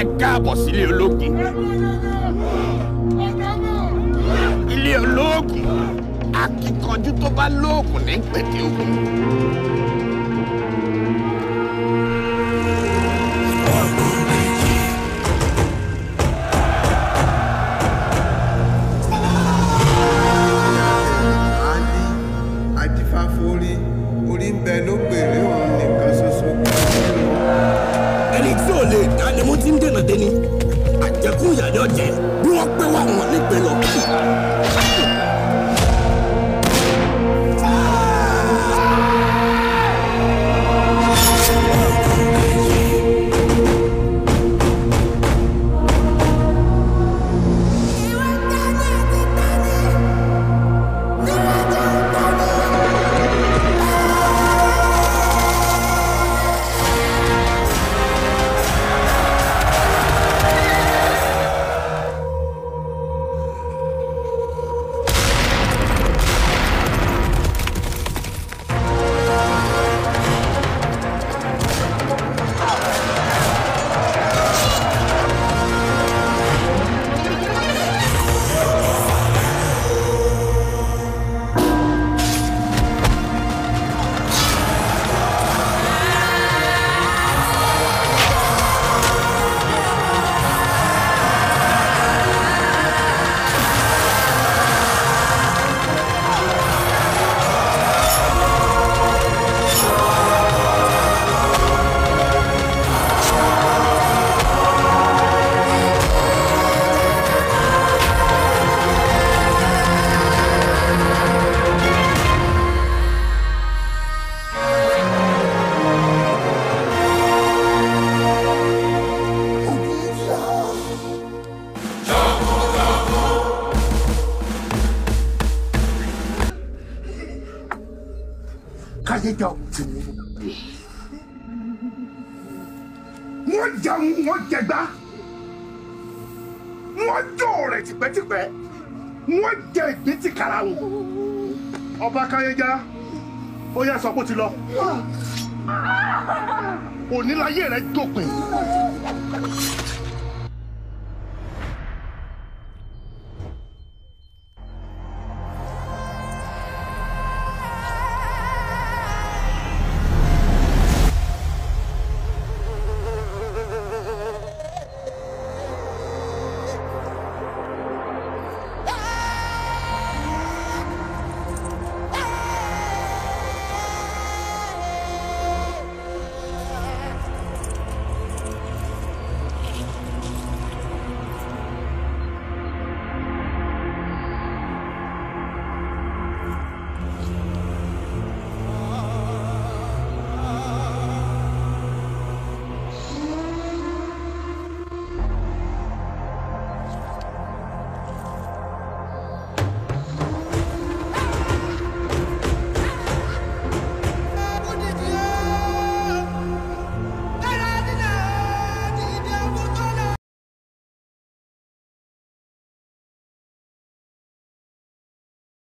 ẹ káàbọ̀ sílé ológun ilé ológun akíkanjú tó bá lóògùn ní pètè ogun. Odin. kájé jà òkú wọn wọn jẹun wọn jẹgbá wọn jó rẹ tipẹ́tipẹ́ wọn jẹ ìgbín ti kara wọn ọba káyéjà ó yá sọ pé ó ti lọ òní láyé rẹ dópin.